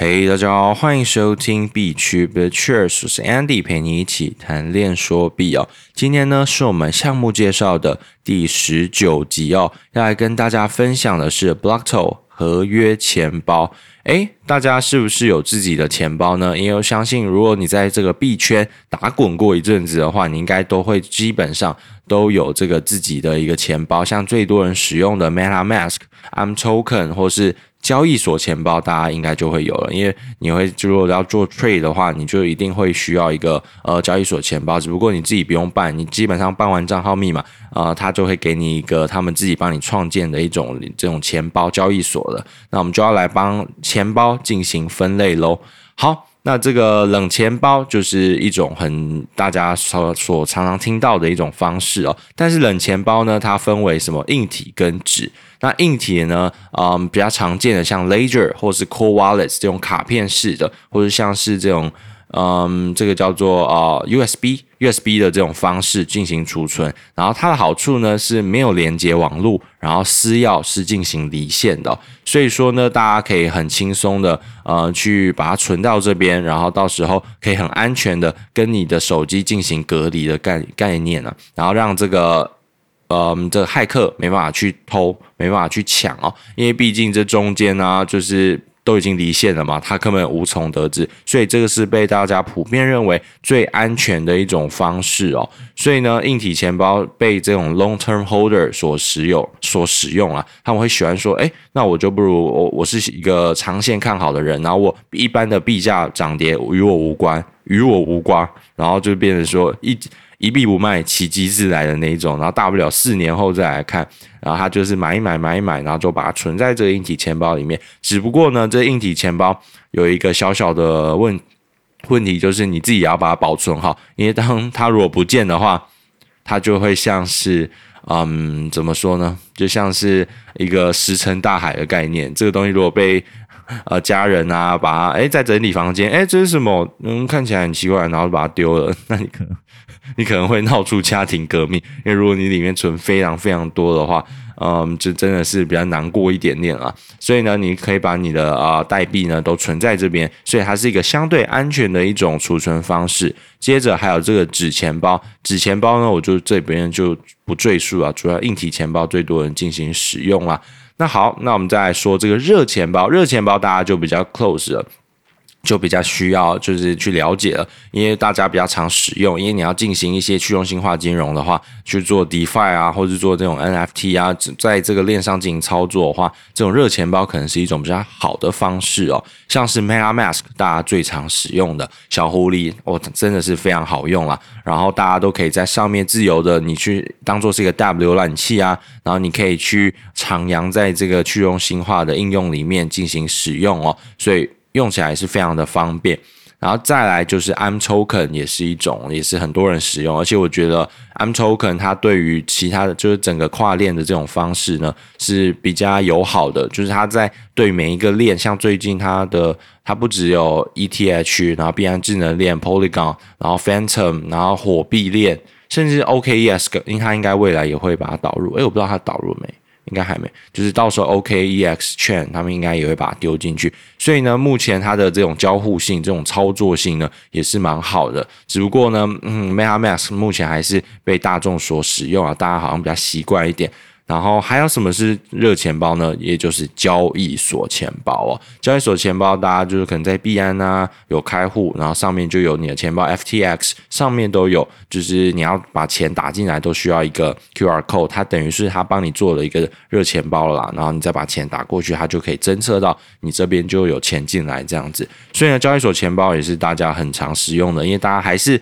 嘿，Hey，大家好，歡迎收聽幣圈的 Cheers，我是 Andy，陪你一起談戀說幣哦。今天呢，是我們項目介紹的第十九集哦。要來跟大家分享的是 Blocto 合約錢包。誒，大家是不是有自己的錢包呢？因為我相信，如果你在這個幣圈打滾過一陣子的話，你應該都會基本上都有這個自己的一個錢包，像最多人使用的 MetaMask、imToken，或是。交易所錢包大家應該就會有了，因為你會就如果要做 trade 的話，你就一定會需要一個呃交易所錢包。只不過你自己不用辦，你基本上辦完賬號密碼啊、呃，他就會給你一個他們自己幫你創建的一種這種錢包交易所的。那我們就要來幫錢包進行分類嘍。好。那這個冷錢包就是一種很大家所所常常聽到的一種方式哦、喔，但是冷錢包呢，它分為什麼硬體跟紙。那硬體呢，嗯，比較常見的像 Ledger 或是 CoolWallet 這種卡片式的，或者像是這種。嗯，這個叫做呃 USB USB 的這種方式進行儲存，然後它的好處呢，是沒有連接網絡，然後私鑰是進行離線的哦，所以說呢，大家可以很輕鬆的呃去把它存到這邊，然後到時候可以很安全的跟你的手機進行隔離的概概念呢、啊，然後讓這個呃這個駭客沒辦法去偷，沒辦法去搶哦，因為畢竟這中間呢、啊、就是。都已經離線了嘛，他根本無從得知，所以這個是被大家普遍認為最安全的一種方式哦。所以呢，硬體錢包被這種 long term holder 所持有、所使用了、啊，他們會喜歡說：“哎，那我就不如我，我是一個長線看好的人，然後我一般的幣價漲跌與我無關，與我無關。”然後就變成說一。一幣不賣，奇蹟自來的那一種，然後大不了四年後再來看，然後他就是買一買買一買，然後就把它存在這個硬體錢包裡面。只不過呢，這個硬體錢包有一個小小的問問題，就是你自己也要把它保存好，因為當它如果不見的話，它就會像是嗯，怎麼說呢？就像是一個石沉大海的概念。這個東西如果被呃，家人啊，把它哎，在整理房間，哎，這是什麼？嗯，看起來很奇怪，然後把它丟了。那你可能你可能會鬧出家庭革命，因為如果你裡面存非常非常多的話，嗯、呃，就真的是比較難過一點點啊。所以呢，你可以把你的啊、呃、代幣呢都存在這邊，所以它是一個相對安全的一種儲存方式。接着還有這個紙錢包，紙錢包呢，我就這邊就不贅述了，主要硬體錢包最多人進行使用啦。那好，那我們再來說這個熱錢包，熱錢包大家就比較 close 了。就比較需要，就是去了解了，因為大家比較常使用，因為你要進行一些去中心化金融的話，去做 DeFi 啊，或者做這種 NFT 啊，在這個鏈上進行操作的話，這種熱錢包可能是一種比較好的方式哦。像是 MetaMask，大家最常使用的小狐狸，哦，真的是非常好用啦。然後大家都可以在上面自由的，你去當做是一個 Dapp 瀏覽器啊，然後你可以去徜徉在這個去中心化的應用裡面進行使用哦。所以。用起來是非常的方便，然後再來就是 imToken 也是一種，也是很多人使用，而且我覺得 imToken 它對於其他的，就是整個跨鏈的這種方式呢是比較友好的，就是它在對每一個鏈，像最近它的它不只有 ETH，然後幣安智能鏈 Polygon，然後 Fantom，然後火幣鏈，甚至 OKES，因為它應該未來也會把它導入，誒，我不知道它導入沒？應該還沒，就是到時候 OKEX Chain，他們應該也會把它丟進去。所以呢，目前它的這種交互性、這種操作性呢，也是蠻好的。只不過呢，嗯，MetaMask 目前還是被大眾所使用啊，大家好像比較習慣一點。然後還有什麼是熱錢包呢？也就是交易所錢包哦。交易所錢包，大家就是可能在幣安啊有開戶，然後上面就有你的錢包，FTX 上面都有。就是你要把錢打進來，都需要一個 QR code，它等於是它幫你做了一個熱錢包了啦。然後你再把錢打過去，它就可以偵測到你這邊就有錢進來這樣子。所以呢，交易所錢包也是大家很常使用的，因為大家還是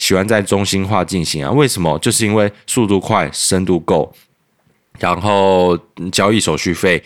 喜歡在中心化進行啊。為什麼？就是因為速度快，深度夠。然後交易手續費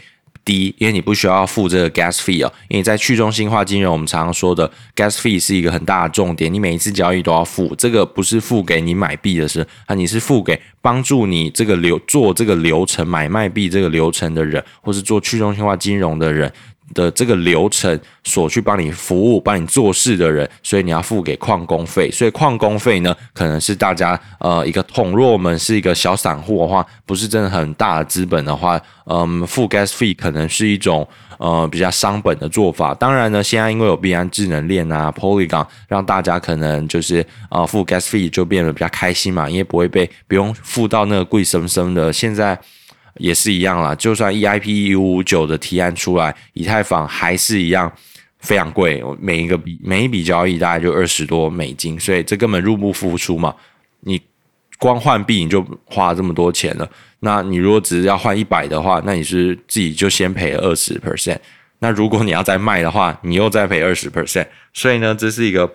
低，因為你不需要付這個 gas fee 啊、哦，因為在去中心化金融，我們常常說的 gas fee 是一個很大的重點，你每一次交易都要付，這個不是付給你買幣的事，啊，你是付給幫助你這個流做這個流程買賣幣這個流程的人，或是做去中心化金融的人。的這個流程所去幫你服務、幫你做事的人，所以你要付給礦工費。所以礦工費呢，可能是大家呃一個，倘若我們是一個小散戶的話，不是真的很大的資本的話，嗯、呃，付 gas fee 可能是一種呃比較傷本的做法。當然呢，現在因為有幣安智能鏈啊、polygon，讓大家可能就是啊、呃、付 gas fee 就變得比較開心嘛，因為不會被不用付到那個貴生生的。現在。也是一樣啦，就算 EIP 1559的提案出來，以太坊還是一樣非常貴，每一個每一筆交易大概就二十多美金，所以這根本入不敷出嘛。你光換幣你就花這麼多錢了，那你如果只是要換一百的話，那你是自己就先賠二十 percent。那如果你要再賣的話，你又再賠二十 percent。所以呢，這是一個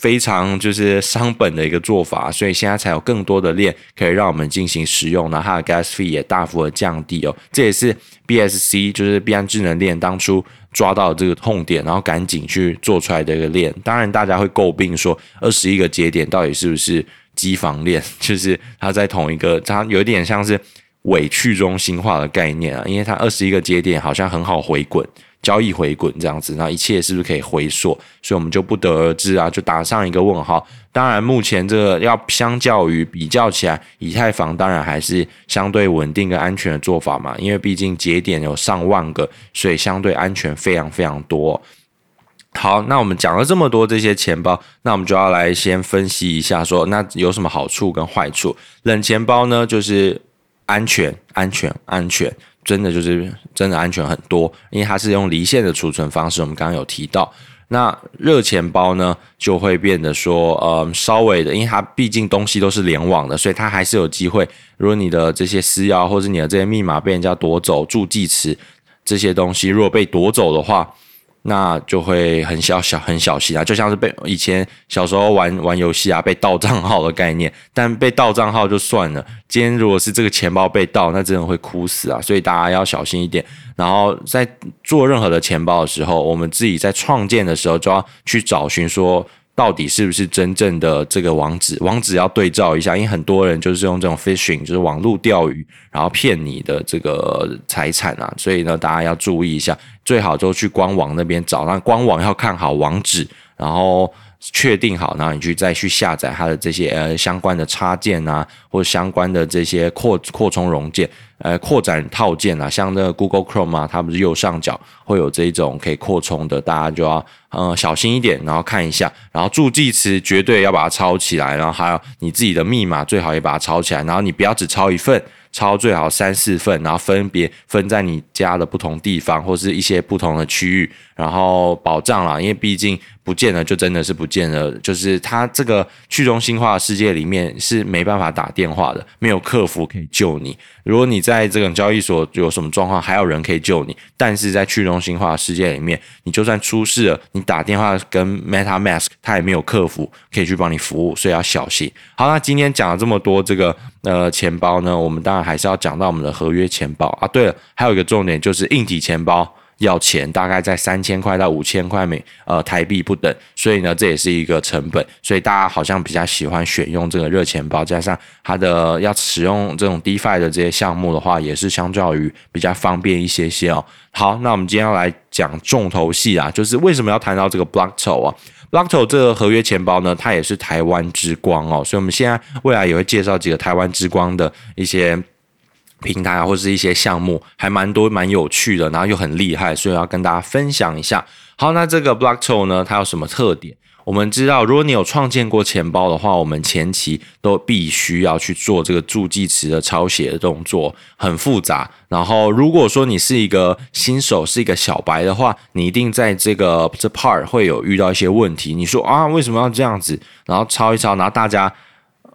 非常就是商本的一個做法，所以現在才有更多的鏈可以讓我們進行使用，然後它的 gas fee 也大幅的降低哦。這也是 BSC，就是幣安智能鏈當初抓到的這個痛點，然後趕緊去做出來的一個鏈。當然，大家會詬病說二十一個節點到底是不是機房鏈？就是它在同一個，它有一點像是偽去中心化的概念啊，因為它二十一個節點好像很好回滾。交易回滾這樣子，那一切是不是可以回溯？所以我們就不得而知啊，就打上一個問號。當然，目前這個要相較於比較起來，以太坊當然還是相對穩定跟安全的做法嘛，因為畢竟節點有上萬個，所以相對安全非常非常多。好，那我們講了這麼多這些錢包，那我們就要來先分析一下說，說那有什麼好處跟壞處？冷錢包呢，就是安全、安全、安全。真的就是真的安全很多，因為它是用離線的儲存方式。我們剛剛有提到，那熱錢包呢就會變得說，嗯、呃，稍微的，因為它畢竟東西都是聯網的，所以它還是有機會。如果你的這些私鑰或者你的這些密碼被人家奪走、助記詞這些東西如果被奪走的話，那就會很小小很小心啊，就像是被以前小時候玩玩遊戲啊被盜賬號的概念，但被盜賬號就算了。今天如果是這個錢包被盜，那真的會哭死啊！所以大家要小心一點。然後在做任何的錢包的時候，我們自己在創建的時候就要去找尋說。到底是不是真正的這個網址？網址要對照一下，因為很多人就是用這種 phishing，就是網絡釣魚，然後騙你的這個財產啊。所以呢，大家要注意一下，最好就去官網那邊找，那官網要看好網址，然後確定好，然後你去再去下載它的這些呃相關的插件啊，或相關的這些擴擴充容件。呃，擴展套件啊，像那個 Google Chrome 啊，它不是右上角會有這一種可以擴充的，大家就要呃小心一點，然後看一下，然後助記詞絕對要把它抄起來，然後還有你自己的密碼最好也把它抄起來，然後你不要只抄一份，抄最好三四份，然後分別分在你家的不同地方或是一些不同的區域，然後保障啦，因為畢竟不見了就真的是不見了，就是它這個去中心化的世界裡面是沒辦法打電話的，沒有客服可以救你，如果你在這個交易所有什麼狀況，還有人可以救你。但是在去中心化的世界裡面，你就算出事了，你打電話跟 MetaMask，它也沒有客服可以去幫你服務，所以要小心。好，那今天講了這麼多這個呃錢包呢，我們當然還是要講到我們的合約錢包啊。對了，還有一個重點就是硬體錢包。要錢大概在三千塊到五千塊每呃台幣不等，所以呢這也是一個成本，所以大家好像比較喜歡選用這個熱錢包，加上它的要使用這種 DeFi 的這些項目的話，也是相較於比較方便一些些哦。好，那我們今天要來講重頭戲啊，就是為什麼要談到這個 Blocto 啊？Blocto 這個合約錢包呢，它也是台灣之光哦，所以我們現在未來也會介紹幾個台灣之光的一些。平台或者是一些項目還蠻多蠻有趣的，然後又很厲害，所以要跟大家分享一下。好，那這個 Blocto 呢，它有什麼特點？我們知道，如果你有創建過錢包的話，我們前期都必須要去做這個助記詞的抄寫的動作，很複雜。然後，如果說你是一個新手，是一個小白的話，你一定在這個這 part 會有遇到一些問題。你說啊，為什麼要這樣子？然後抄一抄，然後大家。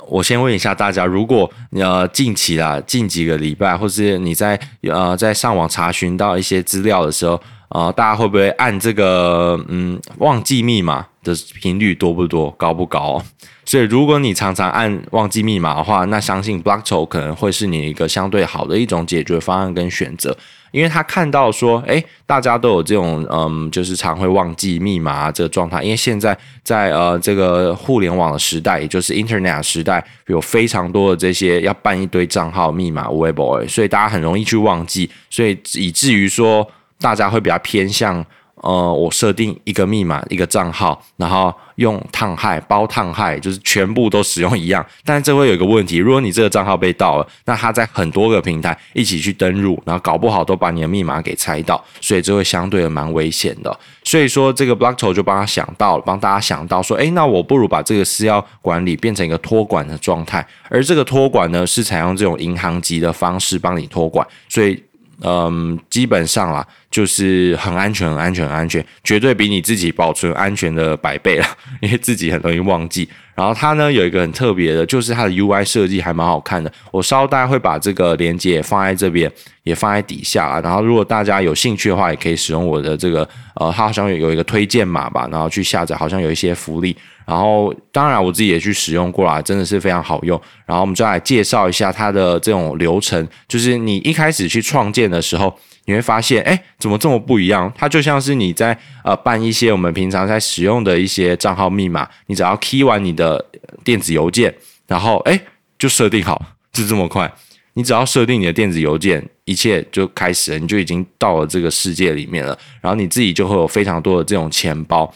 我先問一下大家，如果呃近期啊近幾個禮拜，或是你在呃在上網查詢到一些資料的時候，啊、呃，大家會不會按這個嗯忘記密碼的頻率多不多，高不高、哦？所以如果你常常按忘記密碼的話，那相信 Blocto 可能會是你一個相對好的一種解決方案跟選擇。因為他看到說，誒，大家都有這種，嗯，就是常會忘記密碼啊，這個狀態。因為現在在呃這個互聯網的時代，也就是 Internet 時代，有非常多的這些要辦一堆賬號密碼 Weibo 所以大家很容易去忘記，所以以至於說，大家會比較偏向。呃，我設定一個密碼，一個賬號，然後用燙害包燙害，就是全部都使用一樣。但是這會有一個問題，如果你這個賬號被盜了，那他在很多個平台一起去登入，然後搞不好都把你的密碼給拆到，所以這會相對的蠻危險的。所以說，這個 Blocto 就幫他想到了，幫大家想到說，誒、欸，那我不如把這個私鑰管理變成一個託管的狀態，而這個託管呢，是採用這種銀行級的方式幫你託管。所以，嗯、呃，基本上啦。就是很安全，很安全，很安全，絕對比你自己保存安全的百倍了，因為自己很容易忘記。然後它呢有一個很特別的，就是它的 UI 設計還蠻好看的。我稍待會把這個鏈接也放在這邊，也放在底下。然後如果大家有興趣的話，也可以使用我的這個，呃，它好像有一個推薦碼吧，然後去下載，好像有一些福利。然後當然我自己也去使用過啦，真的是非常好用。然後我們再來介紹一下它的這種流程，就是你一開始去創建的時候。你會發現，哎，怎麼這麼不一樣？它就像是你在呃辦一些我們平常在使用的一些賬號密碼，你只要 key 完你的電子郵件，然後哎，就設定好，是這麼快。你只要設定你的電子郵件，一切就開始了，你就已經到了這個世界裡面了。然後你自己就會有非常多的這種錢包，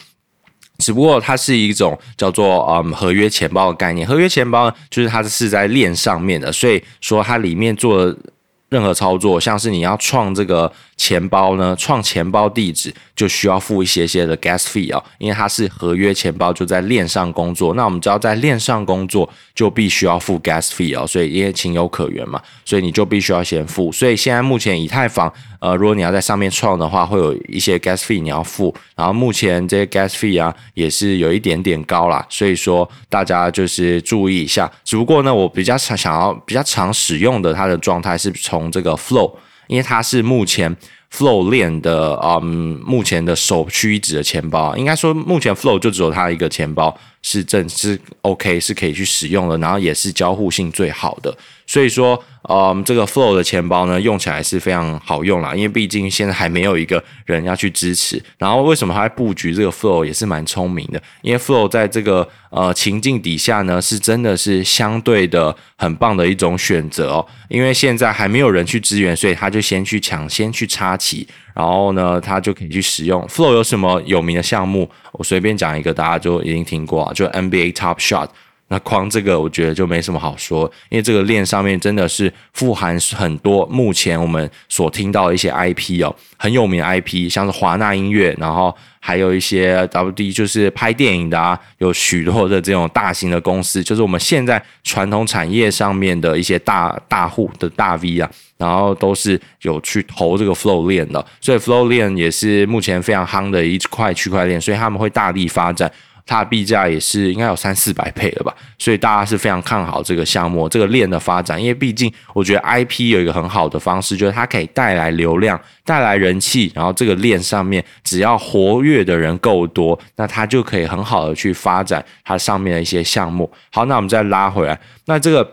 只不過它是一種叫做嗯、呃、合約錢包的概念。合約錢包呢，就是它是在鏈上面的，所以說它裡面做的。任何操作，像是你要創這個錢包呢？創錢包地址就需要付一些些的 gas fee 啊，因為它是合約錢包，就在鏈上工作。那我們知道在鏈上工作就必須要付 gas fee 啊，所以因為情有可原嘛。所以你就必須要先付。所以現在目前以太坊，呃，如果你要在上面創的話，會有一些 gas fee 你要付。然後目前這些 gas fee 啊也是有一點點高啦。所以說大家就是注意一下。只不過呢，我比較常想要比較常使用的它的狀態是從這個 flow。因為它是目前 Flow 鏈的，嗯，um，目前的首屈一指的錢包，應該說目前 Flow 就只有它一個錢包。是正是 OK，是可以去使用的，然後也是交互性最好的，所以說，嗯、呃，這個 Flow 的錢包呢，用起來是非常好用啦，因為畢竟現在還沒有一個人要去支持，然後為什麼他在佈局這個 Flow 也是蠻聰明的，因為 Flow 在這個呃情境底下呢，是真的是相對的很棒的一種選擇哦，因為現在還沒有人去支援，所以他就先去搶先去插旗。然後呢，他就可以去使用。Flow 有什麼有名的項目？我隨便講一個，大家就已經聽過啊，就 NBA Top Shot。那框這個，我覺得就沒什麼好說，因為這個鏈上面真的是富含很多目前我們所聽到的一些 IP 哦，很有名的 IP，像是華納音樂，然後還有一些 WD 就是拍電影的啊，有許多的這種大型的公司，就是我們現在傳統產業上面的一些大大戶的大 V 啊，然後都是有去投這個 Flow 鏈的，所以 Flow 鏈也是目前非常夯的一塊區塊鏈，所以他們會大力發展。它的幣價也是應該有三四百倍了吧，所以大家是非常看好這個項目、這個鏈的發展，因為畢竟我覺得 IP 有一個很好的方式，就是它可以帶來流量、帶來人氣，然後這個鏈上面只要活躍的人夠多，那它就可以很好的去發展它上面的一些項目。好，那我們再拉回來，那這個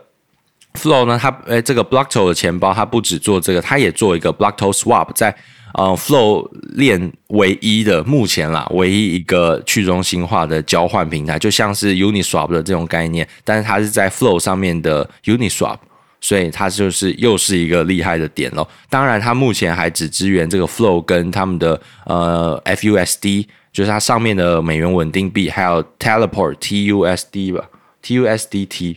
Flow 呢？它誒，這個 Blocto 的錢包，它不只做這個，它也做一個 Blocto Swap，在。嗯、uh, Flow 鏈唯一的目前啦，唯一一個去中心化的交換平台，就像是 Uniswap 的這種概念，但是它是在 Flow 上面的 Uniswap，所以它就是又是一個厲害的點咯。當然，它目前還只支援這個 Flow 跟他們的呃 FUSD，就是它上面的美元穩定幣，還有 Teleport TUSD 吧，TUSDT。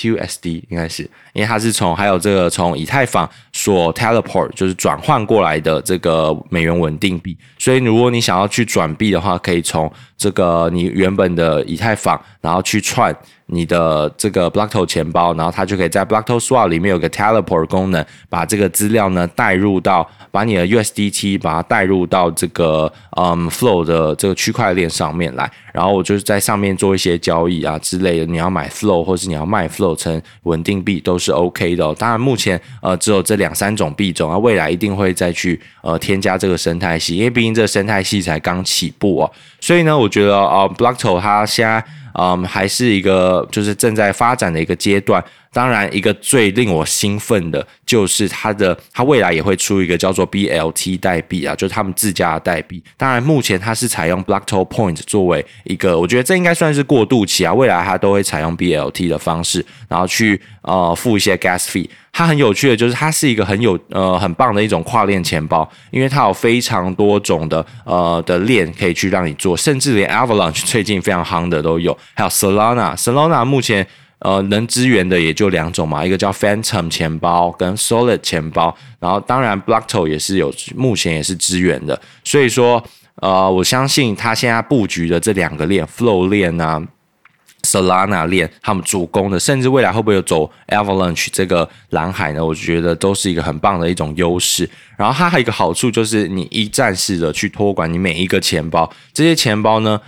TUSD 應該是因為它是從還有這個從以太坊所 teleport 就是轉換過來的這個美元穩定幣，所以如果你想要去轉幣的話，可以從這個你原本的以太坊，然後去串。你的這個 Blocto 錢包，然後它就可以在 Blocto Swap 裡面有個 Teleport 功能，把這個資料呢帶入到，把你的 USDT 把它帶入到這個嗯、um, Flow 的這個區塊鏈上面來，然後我就是在上面做一些交易啊之類的，你要買 Flow 或是你要賣 Flow 成穩定幣都是 OK 的、哦。當然目前呃只有這兩三種幣種啊，未來一定會再去呃添加這個生態系，因為畢竟這個生態系才剛起步哦。所以呢，我覺得呃、哦、Blocto 它現在。嗯，還是一個就是正在發展的一個階段。當然，一個最令我興奮的就是它的，它未來也會出一個叫做 BLT 代幣啊，就是他們自家的代幣。當然，目前它是採用 Blocto Point 作為一個，我覺得這應該算是過渡期啊。未來它都會採用 BLT 的方式，然後去呃付一些 Gas Fee。它很有趣的就是，它是一個很有呃很棒的一種跨鏈錢包，因為它有非常多種的呃的鏈可以去讓你做，甚至連 Avalanche 最近非常夯的都有，還有 Solana，Solana 目前。呃，能支援的也就兩種嘛，一個叫 Phantom 錢包跟 Solid 錢包，然後當然 Blocto 也是有，目前也是支援的。所以說，呃，我相信他現在佈局的這兩個鏈，Flow 鏈啊，Solana 鏈，他們主攻的，甚至未來會不會有走 Avalanche 這個藍海呢？我覺得都是一個很棒的一種優勢。然後它還有一個好處就是，你一站式的去託管你每一個錢包，這些錢包呢。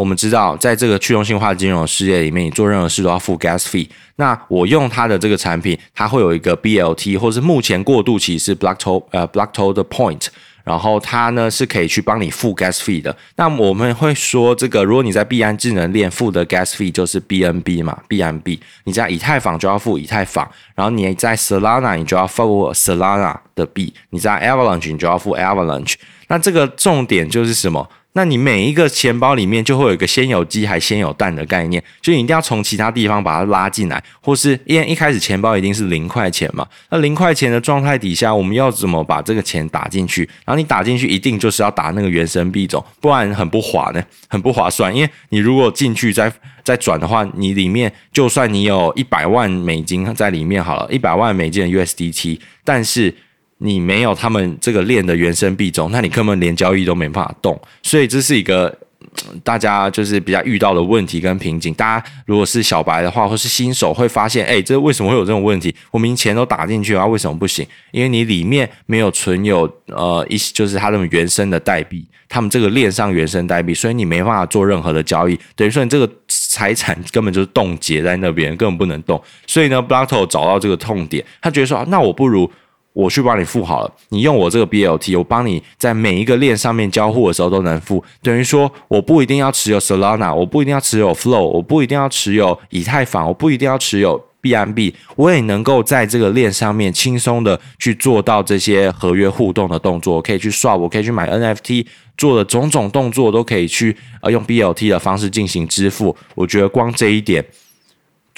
我們知道，在這個去中心化金融世界裡面，你做任何事都要付 gas fee。那我用它的這個產品，它會有一個 BLT，或是目前過渡期是 Blocto 呃 Blocto 的 point。然後它呢是可以去幫你付 gas fee 的。那我們會說，這個如果你在幣安智能鏈付的 gas fee 就是 BNB 嘛，BNB。你在以太坊就要付以太坊，然後你在 Solana 你就要付 Solana 的幣，你在 Avalanche 你就要付 Avalanche。那這個重點就是什麼？那你每一個錢包裡面就會有一個先有雞還先有蛋的概念，所以你一定要從其他地方把它拉進來，或是因為一開始錢包一定是零塊錢嘛？那零塊錢的狀態底下，我們要怎麼把這個錢打進去？然後你打進去一定就是要打那個原生幣種，不然很不划呢，很不划算。因為你如果進去再再轉的話，你裡面就算你有一百萬美金在裡面好了，一百萬美金的 USDT，但是。你沒有他們這個鏈的原生幣種，那你根本連交易都沒辦法動。所以這是一個大家就是比較遇到的問題跟瓶頸。大家如果是小白的話，或是新手會發現，哎、欸，這為什麼會有這種問題？我明明錢都打進去啊，為什麼不行？因為你裡面沒有存有呃一就是他那種原生的代幣，他們這個鏈上原生代幣，所以你沒辦法做任何的交易。等於說你這個財產根本就是凍結在那邊，根本不能動。所以呢 Blocto 找到這個痛點，他覺得說，啊、那我不如。我去幫你付好了，你用我這個 BLT，我幫你在每一個鏈上面交互的時候都能付。等於說，我不一定要持有 Solana，我不一定要持有 Flow，我不一定要持有以太坊，我不一定要持有 BNB，我也能夠在這個鏈上面輕鬆的去做到這些合約互動的動作，我可以去 swap，我可以去買 NFT 做的種種動作都可以去呃用 BLT 的方式進行支付。我覺得光這一點。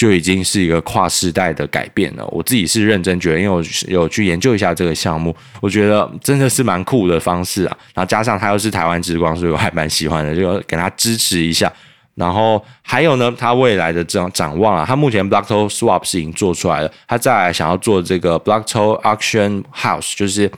就已經是一個跨世代的改變了。我自己是認真覺得，因為我有去研究一下這個項目，我覺得真的是蠻酷的方式啊。然後加上它又是台灣之光，所以我還蠻喜歡的，就給他支持一下。然後還有呢，他未來的這種展望啊，他目前 Blocto Swap 是已經做出來了，他再來想要做這個 Blocto Auction House，就是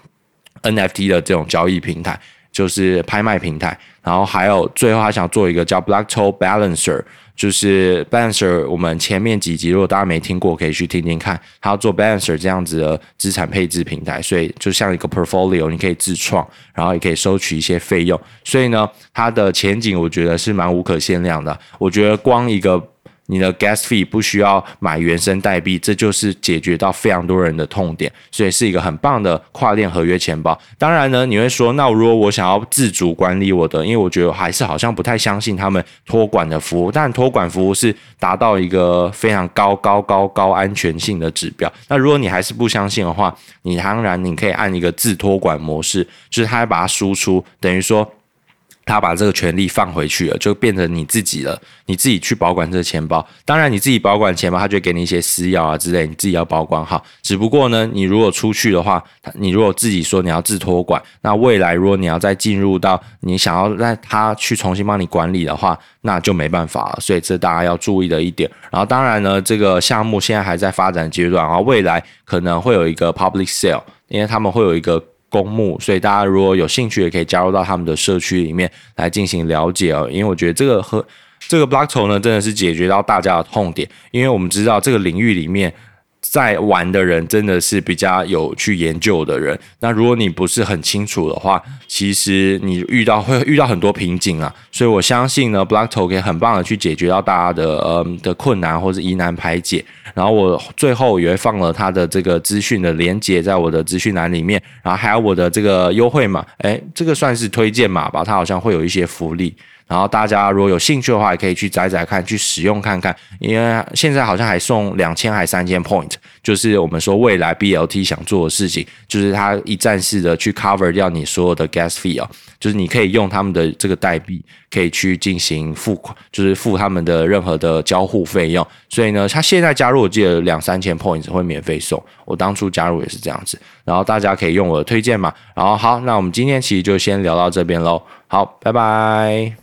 NFT 的這種交易平台，就是拍賣平台。然後還有最後，他想做一個叫 Blocto Balancer。就是 Balancer，我們前面幾集如果大家沒聽過，可以去聽聽看。他要做 Balancer 這樣子的資產配置平台，所以就像一個 portfolio，你可以自創，然後也可以收取一些費用。所以呢，它的前景我覺得是蠻無可限量的。我覺得光一個。你的 gas fee 不需要買原生代幣，這就是解決到非常多人的痛點，所以是一個很棒的跨鏈合約錢包。當然呢，你會說，那如果我想要自主管理我的，因為我覺得我還是好像不太相信他們托管的服務。但托管服務是達到一個非常高、高、高、高、高安全性的指標。那如果你還是不相信的話，你當然你可以按一個自托管模式，就是他會把它輸出，等於說。他把這個權利放回去了，就變成你自己了。你自己去保管這個錢包，當然你自己保管錢包，他就會給你一些私鑰啊之類，你自己要保管好。只不過呢，你如果出去的話，你如果自己說你要自托管，那未來如果你要再進入到你想要讓他去重新幫你管理的話，那就沒辦法了。所以這大家要注意的一點。然後當然呢，這個項目現在還在發展階段啊，然後未來可能會有一個 public sale，因為他們會有一個。公募，所以大家如果有興趣，也可以加入到他們的社區裡面來進行了解哦。因為我覺得這個和這個 Blocto 呢，真的是解決到大家的痛點，因為我們知道這個領域裡面。在玩的人真的是比較有去研究的人，那如果你不是很清楚的話，其實你遇到、會遇到很多瓶頸啊，所以我相信呢，Blocto 很棒的去解決到大家的呃的困難或是疑難排解，然後我最後也會放了他的這個資訊的連接在我的資訊欄裡面，然後還有我的這個優惠嘛，誒、欸，這個算是推薦嘛吧，他好像會有一些福利。然後大家如果有興趣的話，也可以去載載看，去使用看看，因為現在好像還送兩千還三千 point，就是我們說未來 BLT 想做的事情，就是它一站式的去 cover 掉你所有的 gas fee 啊,就是你可以用他們的這個代幣可以去進行付款，就是付他們的任何的交互費用。所以呢，他現在加入我記得兩三千 points 會免費送，我當初加入也是這樣子。然後大家可以用我的推薦嘛，然後好，那我們今天其實就先聊到這邊嘍。好，拜拜。